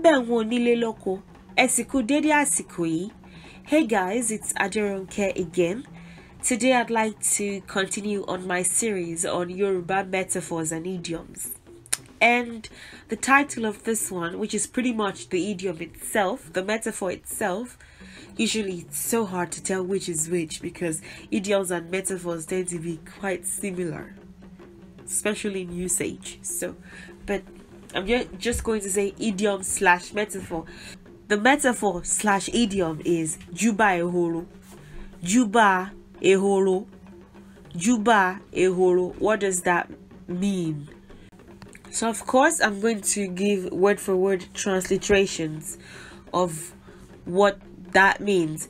wọn onílé lóko dédé Hey guys, it's Aderonke again. Today I'd like to continue on my series on Yoruba metaphors and idioms. And the title of this one, which is pretty much the idiom itself, the metaphor itself, usually it's so hard to tell which is which because idioms and metaphors tend to be quite similar, especially in usage. So, but I'm just going to say idiom slash metaphor. The metaphor slash idiom is Juba eholo." Juba eholo. Juba eholo. What does that mean? So, of course, I'm going to give word for word transliterations of what that means.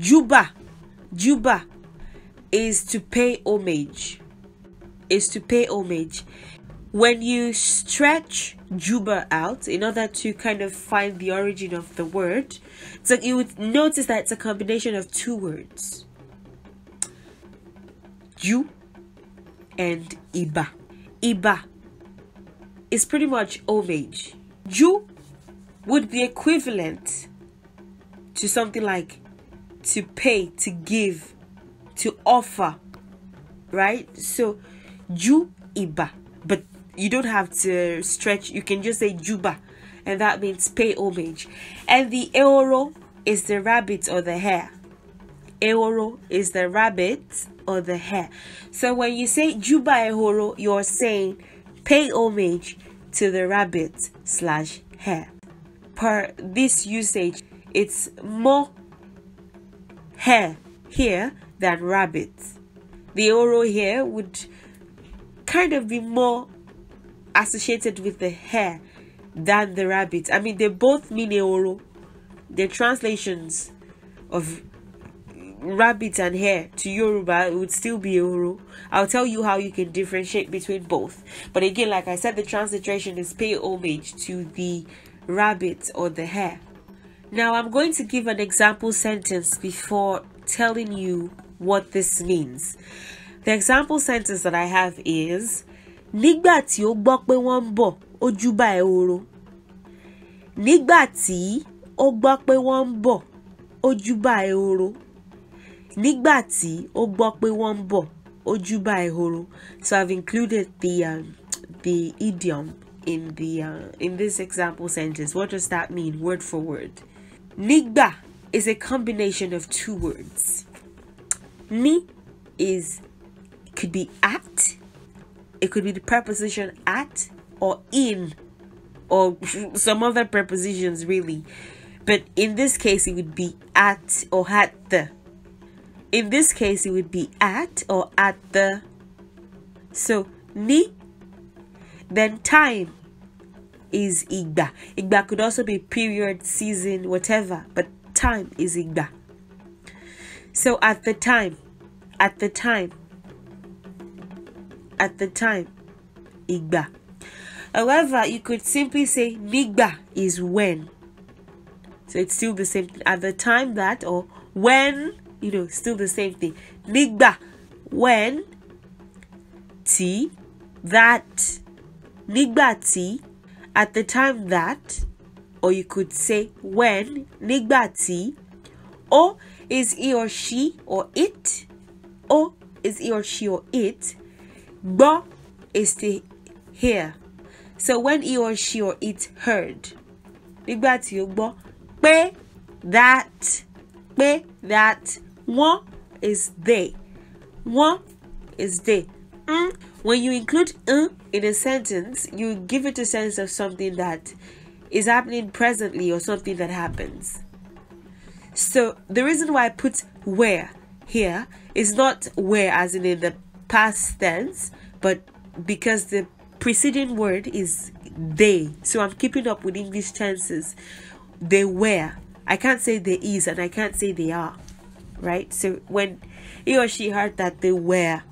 Juba, Juba is to pay homage, is to pay homage when you stretch juba out in order to kind of find the origin of the word so you would notice that it's a combination of two words ju and iba iba is pretty much homage ju would be equivalent to something like to pay to give to offer right so ju iba but you don't have to stretch you can just say juba and that means pay homage and the eoro is the rabbit or the hare eoro is the rabbit or the hare so when you say juba eoro you're saying pay homage to the rabbit slash hare per this usage it's more hare here than rabbit the oro here would kind of be more associated with the hare than the rabbit. I mean, they both mean eoro. Their translations of rabbit and hare to Yoruba, it would still be eoro. I'll tell you how you can differentiate between both. But again, like I said, the transliteration is pay homage to the rabbit or the hare. Now, I'm going to give an example sentence before telling you what this means. The example sentence that I have is nígbà tí ó gbọ́ pé wọ́n ń bọ̀ ó oju ehoro nígbà tí ó gbọ́ pé wọ́n ń bọ̀ ehoro nígbà tí ó gbọ́ pé wọ́n ń bọ̀ ehoro so I've included the um, the idiom in the uh, in this example sentence what does that mean word for word nígbà is a combination of two words ni is could be at it could be the preposition at or in or some other prepositions really but in this case it would be at or at the in this case it would be at or at the so ni then time is igba igba could also be period season whatever but time is igba so at the time at the time at the time. Igba. However, you could simply say nigba is when. So it's still the same thing. At the time that or when, you know, still the same thing. Nigba, when, ti, that, nigba ti, at the time that, or you could say when, nigba ti, or is he or she or it, or is he or she or it Bo is to hear. So when he or she or it heard. Nígbà tí you. Bo pé that pé that one is they. one is they. Mm. When you include in a sentence, you give it a sense of something that is happening presently or something that happens. So the reason why I put where here is not where as in, in the past tense, but because the preceding word is they, so I'm keeping up with English tenses. They were. I can't say they is and I can't say they are. Right? So when he or she heard that they were,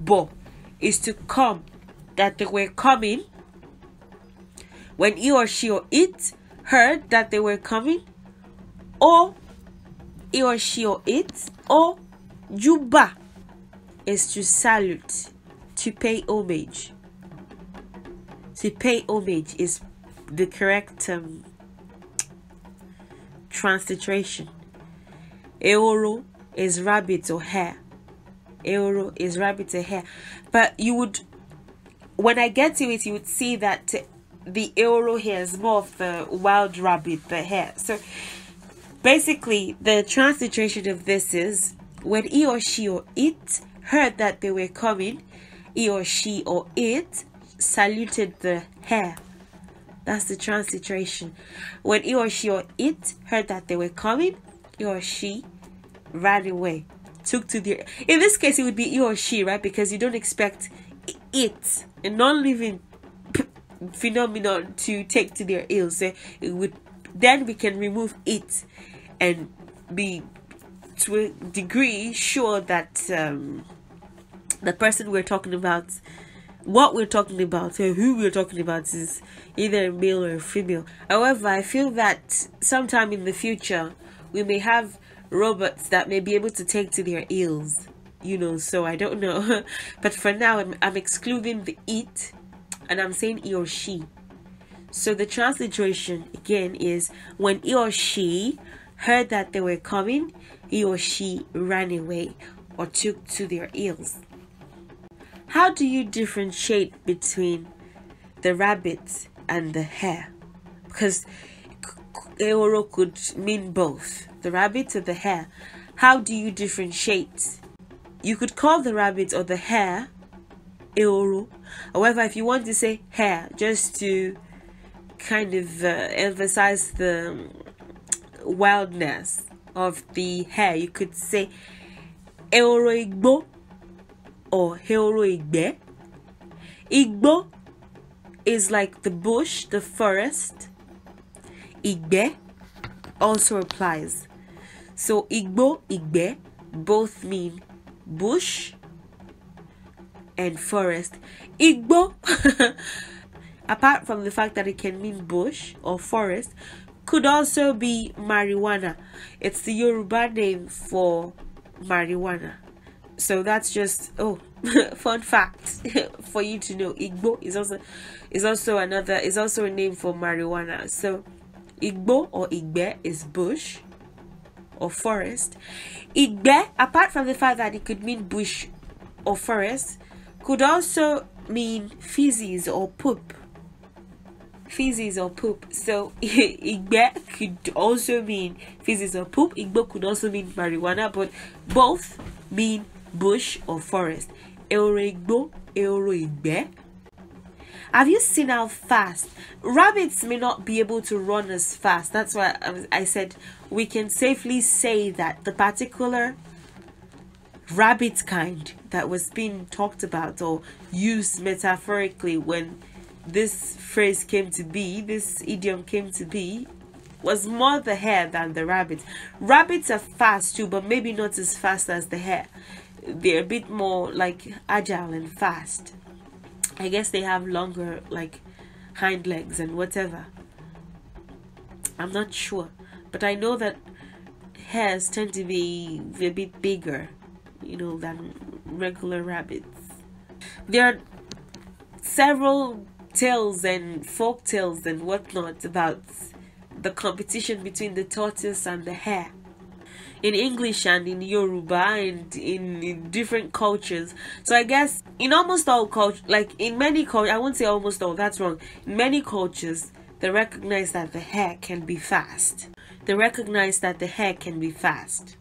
bo is to come, that they were coming. When he or she or it heard that they were coming, or he or she or it, or juba is to salute, to pay homage. To pay homage is the correct um, transliteration. Eoro is rabbit or hare. Euro is rabbit or hare. But you would, when I get to it, you would see that the euro here is more of the wild rabbit, the hare. So basically, the transliteration of this is when he or she or it heard that they were coming, he or she or it saluted the hare. That's the transliteration. When he or she or it heard that they were coming, he or she ran away, took to the. In this case, it would be he or she, right? Because you don't expect it, a non-living phenomenon, to take to their ills. So eh? it would. Then we can remove it, and be to a degree sure that um, the person we're talking about what we're talking about or who we're talking about is either a male or a female. However, I feel that sometime in the future we may have robots that may be able to take to their eels, you know, so I don't know. but for now, I'm, I'm, excluding the it and I'm saying he or she. So the transliteration again is when he or she heard that they were coming, he or she ran away or took to their eels. How do you differentiate between the rabbit and the hare? Because Eoro could mean both the rabbit or the hare. How do you differentiate? You could call the rabbit or the hare Eoro. However, if you want to say hare, just to kind of uh, emphasize the wildness of the hare, you could say Eoro Igbo or heoro igbe. Igbo is like the bush, the forest. Igbe also applies. So Igbo, Igbe both mean bush and forest. Igbo, apart from the fact that it can mean bush or forest, could also be marijuana. It's the Yoruba name for marijuana so that's just oh fun fact for you to know igbo is also is also another is also a name for marijuana so igbo or igbe is bush or forest igbe apart from the fact that it could mean bush or forest could also mean feces or poop feces or poop so igbe could also mean feces or poop igbo could also mean marijuana but both mean bush or forest. Have you seen how fast? Rabbits may not be able to run as fast. That's why I said we can safely say that the particular rabbit kind that was being talked about or used metaphorically when this phrase came to be, this idiom came to be, was more the hare than the rabbit. Rabbits are fast too, but maybe not as fast as the hare they're a bit more like agile and fast i guess they have longer like hind legs and whatever i'm not sure but i know that hares tend to be a bit bigger you know than regular rabbits there are several tales and folk tales and whatnot about the competition between the tortoise and the hare in English and in Yoruba and in, in different cultures. So I guess in almost all cultures, like in many cultures, I won't say almost all, that's wrong. In many cultures, they recognize that the hair can be fast. They recognize that the hair can be fast.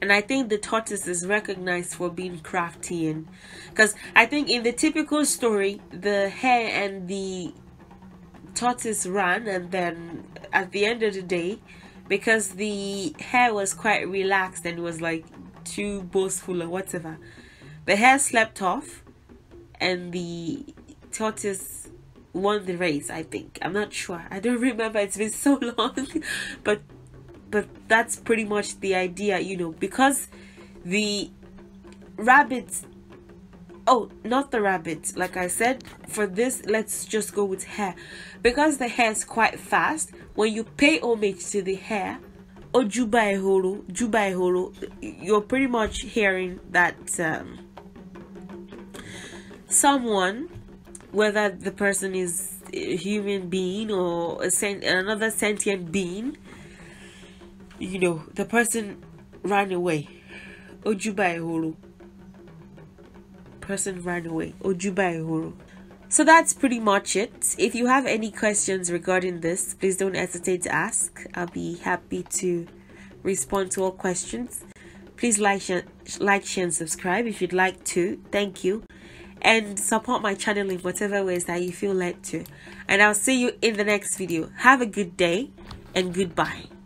And I think the tortoise is recognized for being crafty and because I think in the typical story, the hare and the tortoise run, and then at the end of the day, because the hair was quite relaxed and was like too boastful or whatever. The hair slept off and the tortoise won the race, I think. I'm not sure. I don't remember. It's been so long. but but that's pretty much the idea, you know, because the rabbits oh not the rabbit like i said for this let's just go with hair because the hair is quite fast when you pay homage to the hair, Ojuba Ehoro, Juba Ehoro, you're pretty much hearing that um, someone, whether the person is a human being or sen another sentient being, you know, the person ran away. Ojuba Ehoro. Person ran away. Ojuba Ehoro. So that's pretty much it. If you have any questions regarding this, please don't hesitate to ask. I'll be happy to respond to all questions. Please like, share, like, share, and subscribe if you'd like to. Thank you. And support my channel in whatever ways that you feel led to. And I'll see you in the next video. Have a good day and goodbye.